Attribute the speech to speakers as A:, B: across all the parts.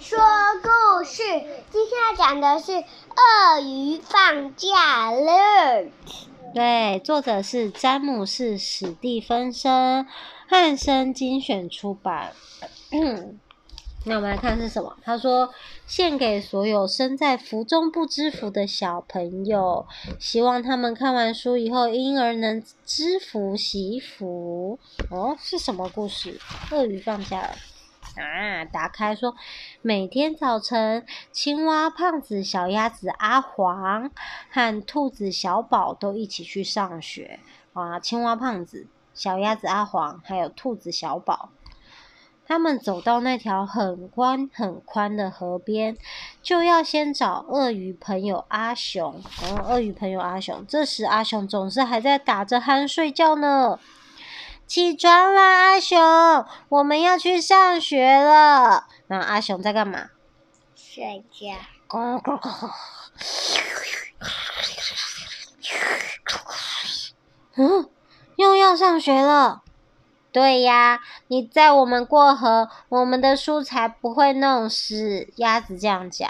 A: 說故事，今天要講的是《鱷魚放假了》。對，作者是詹姆士·史蒂芬森，漢聲精選出版。 那我們來看是什麼？他說：“獻給所有身在福中不知福的小朋友，希望他們看完書以後，因而能知福惜福。”哦，是什麼故事？鱷魚放假了。啊，打開說，每天早晨，青蛙胖子、小鴨子阿黃和兔子小寶都一起去上學。啊，青蛙胖子、小鴨子阿黃還有兔子小寶，他們走到那條很寬很寬的河邊，就要先找鱷魚朋友阿雄阿熊。然後鱷魚朋友阿熊，這時阿熊總是還在打着鼾睡覺呢。起床啦，阿雄，我們要去上學了。那阿雄在幹嘛？睡覺家。嗯，又要上學了。對呀，你載我們過河，我們的書才不會弄濕。鴨子這樣講。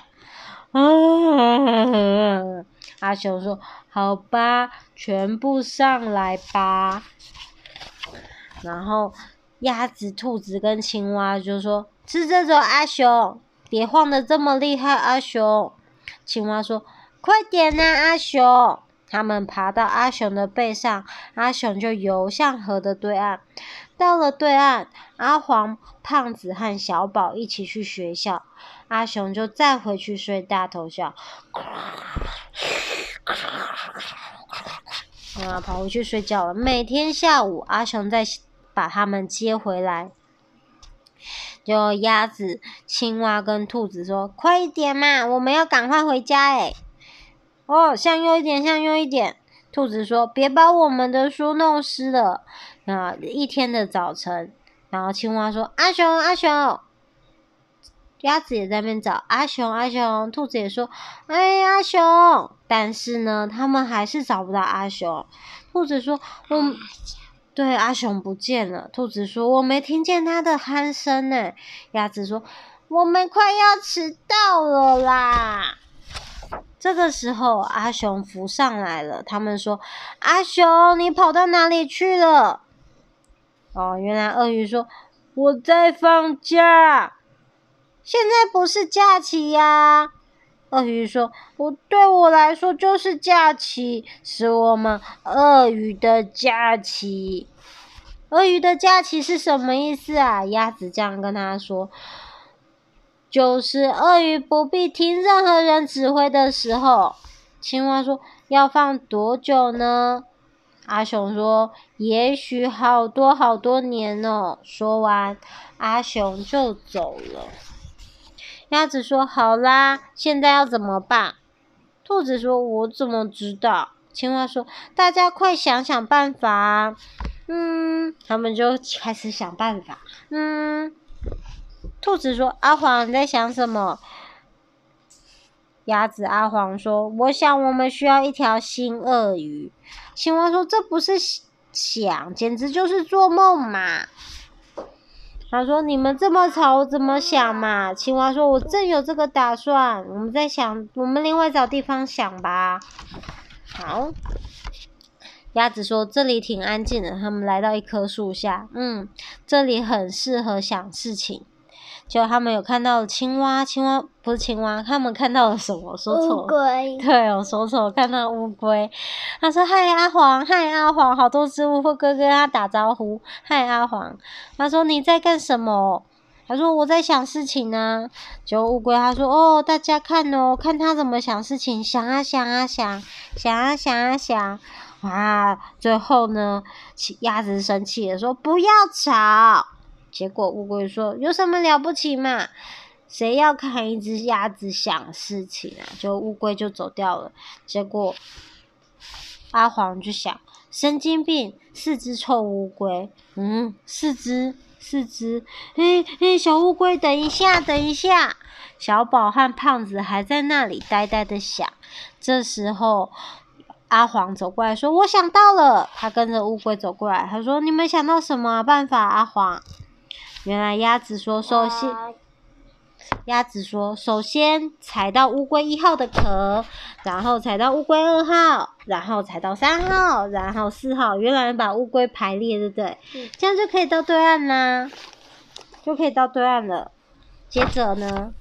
A: 嗯。阿雄說：“好吧，全部上來吧。”然後，鴨子、兔子跟青蛙就說：“吃這種阿熊，別晃得這麼厲害，阿熊。”青蛙說：“快點啊，阿熊。”他們爬到阿熊的背上，阿熊就游向河的對岸。到了對岸，阿黃、胖子和小寶一起去學校，阿熊就再回去睡大頭覺。 啊！然後跑回去睡覺了。每天下午，阿熊再把他們接回來。就鴨子、青蛙跟兔子說：“快一點嘛，我們要趕快回家哎！”哦，向右一點，向右一點。兔子說：“別把我們的書弄濕了。”一天的早晨，然後青蛙說：“阿熊，阿熊。”鴨子也在那邊找阿雄，阿雄，兔子也說：“哎、欸，阿雄！”但是呢，他們還是找不到阿雄。兔子說：“我……哎、呀對，阿雄不見了。”兔子說：“我沒聽見他的鼾聲呢。”鴨子說：“我們快要遲到了啦！”這個時候，阿雄浮上來了。他們說：“阿雄，你跑到哪裡去了？”哦，原來鱷魚說：“我在放假。”現在不是假期呀？啊，鱷魚說：“我，對我來說就是假期，是我們鱷魚的假期。”鱷魚的假期是什麼意思啊？鴨子這樣跟他說：“就是鱷魚不必聽任何人指揮的時候。”青蛙說：“要放多久呢？”阿雄說：“也許好多好多年呢。”說完，阿雄就走了。鴨子說：“好啦，現在要怎麼辦？”兔子說：“我怎麼知道？”青蛙說：“大家快想想辦法啊。”嗯，他們就開始想辦法。嗯，兔子說：“阿黃你在想什麼？”鴨子阿黃說：“我想我們需要一條新鱷魚。”青蛙說：“這不是想，簡直就是做夢嘛。”他說：“你們這麼吵，我怎麼想嘛？”青蛙說：“我正有這個打算，我們在想，我們另外找地方想吧。”好，鴨子說：“這裡挺安靜的。”他們來到一棵樹下，嗯，這裡很適合想事情。就他們有看到青蛙，青蛙不是青蛙，他們看到了什麼？說錯，對我說錯，烏龜，看到烏龜。他說：“嗨，阿黃，嗨，阿黃，好多只烏龜跟他打招呼，嗨，阿黃。”他說：“你在幹什麼？”他說：“我在想事情呢、啊。結果烏龜”就烏龜他說：“哦，大家看哦，看他怎麼想事情，想啊想啊想，想啊想啊想啊想啊想，哇！最後呢，鴨子生氣了，說：不要吵。”結果烏龜說：“有什麼了不起嘛？誰要看一隻鴨子想事情啊？”就烏龜就走掉了。結果阿黃就想：“神經病，四隻臭烏龜。”嗯，四隻四隻。嘿嘿，小烏龜，等一下，等一下。小寶和胖子還在那裡呆呆的想。這時候阿黃走過來說：“我想到了。”他跟着烏龜走過來，他說：“你們想到什麼啊，辦法啊？”阿黃。原來鴨子說，首先，鴨子說，首先踩到烏龜一號的殼，然後踩到烏龜二號，然後踩到三號，然後四號。原來把烏龜排列，對不對？這樣就可以到對岸啦，啊，就可以到對岸了。接着呢，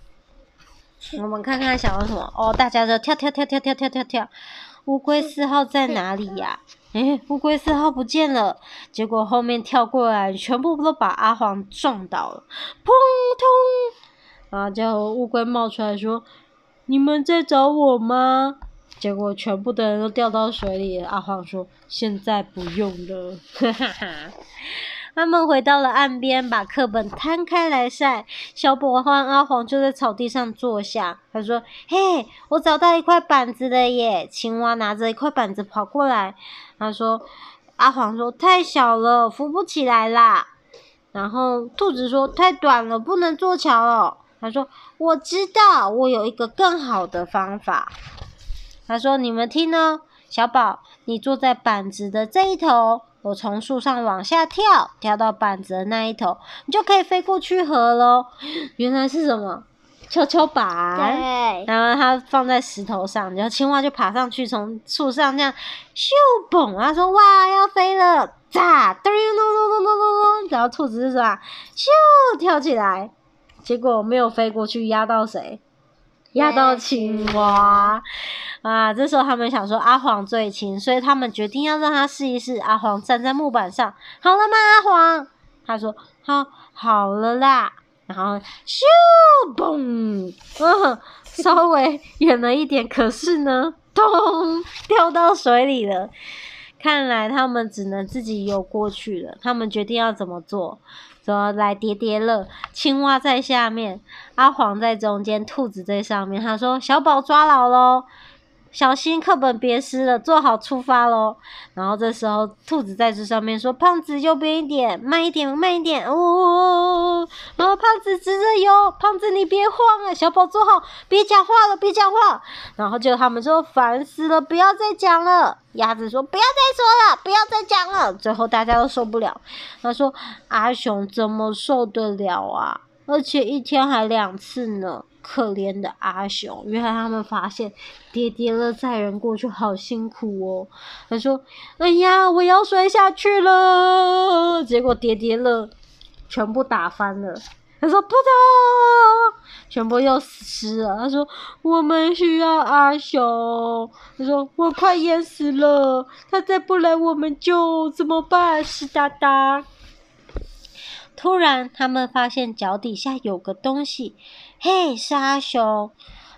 A: 我們看看想要什麼。哦，大家就跳跳跳跳跳跳跳跳。烏龜四號在哪裡呀，啊？哎，烏龜四號不見了，結果後面跳過來，全部都把阿黃撞倒了，砰砰，然後就烏龜冒出來說：“你們在找我嗎？”結果全部的人都掉到水裡，阿黃說：“現在不用了。”哈哈哈。他們回到了岸邊，把課本攤開來曬。小寶和阿黃就在草地上坐下。他說：“嘿，我找到一塊板子了耶！”青蛙拿着一塊板子跑過來。他說：“阿黃說太小了，扶不起來啦。”然後兔子說：“太短了，不能坐橋了。”他說：“我知道，我有一個更好的方法。”他說：“你們聽哦，小寶，你坐在板子的這一頭。”我從樹上往下跳，跳到板子的那一頭，你就可以飛過去河咯。原來是什麼？蹺蹺板？對然後它放在石頭上，然後青蛙就爬上去，從樹上這樣咻嘣啊，它說：“哇，要飛了！”咋？嘟嘟嘟嘟嘟嘟，咚。然後兔子是啥？咻跳起來，結果沒有飛過去，壓到誰？壓到青蛙啊！這時候他們想說阿黃最輕，所以他們決定要讓他試一試。阿黃站在木板上， 好了嗎，阿黃？他說：“好，好了啦。”然後咻，嘣、呃，稍微遠了一點，可是呢，咚，掉到水裡了。看來他們只能自己游過去了。他們決定要怎麼做？說、啊、來疊疊樂，青蛙在下面，阿黃在中間，兔子在上面。他說：“小寶抓牢嘍！”小心課本別濕了，坐好出發嘍。然後這時候兔子在這上面說：“胖子右邊一點，慢一點，慢一點。”嗚嗚嗚！然後胖子直着游，胖子你別慌啊，小寶坐好，別講話了，別講話。然後就他們說煩死了，不要再講了。鴨子說不要再說了，不要再講了。最後大家都受不了，他說阿雄怎麼受得了啊？而且一天還兩次呢。可憐的阿雄，原來他們發現疊疊樂載人過去好辛苦哦。他說：“哎呀，我要摔下去了！”結果疊疊樂全部打翻了。他說：“撲通，全部又濕了。”他說：“我們需要阿雄。”他說：“我快淹死了，他再不來，我們就怎麼辦？”濕噠噠。突然，他們發現腳底下有個東西。嘿，是阿熊。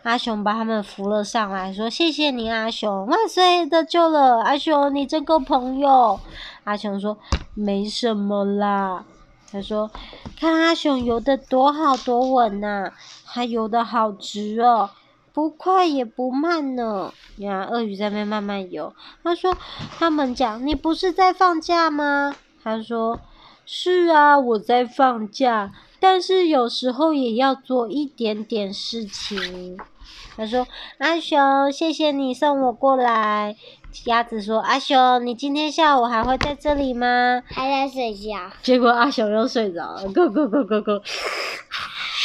A: 阿熊把他們扶了上來，說：“謝謝你，阿熊，萬歲！得救了，阿熊，你真夠朋友。”阿熊說：“沒什麼啦。”他說：“看阿熊游的多好，多穩吶！他游的好直哦，不快也不慢呢。”你看鱷魚在那慢慢游。他說：“他們講，你不是在放假嗎？”他說。是啊，我在放假，但是有時候也要做一點點事情。他說：“阿雄，謝謝你送我過來。”鴨子說：“阿雄，你今天下午還會在這裡嗎？”還在睡覺。結果阿雄又睡着了，咕咕咕咕咕，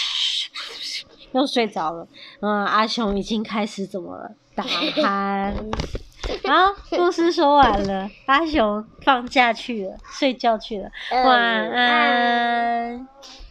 A: 又睡着了。嗯，阿雄已經開始怎麼了？打鼾。 好、啊，故事說完了。阿雄放假去了，睡覺去了。晚安。嗯嗯。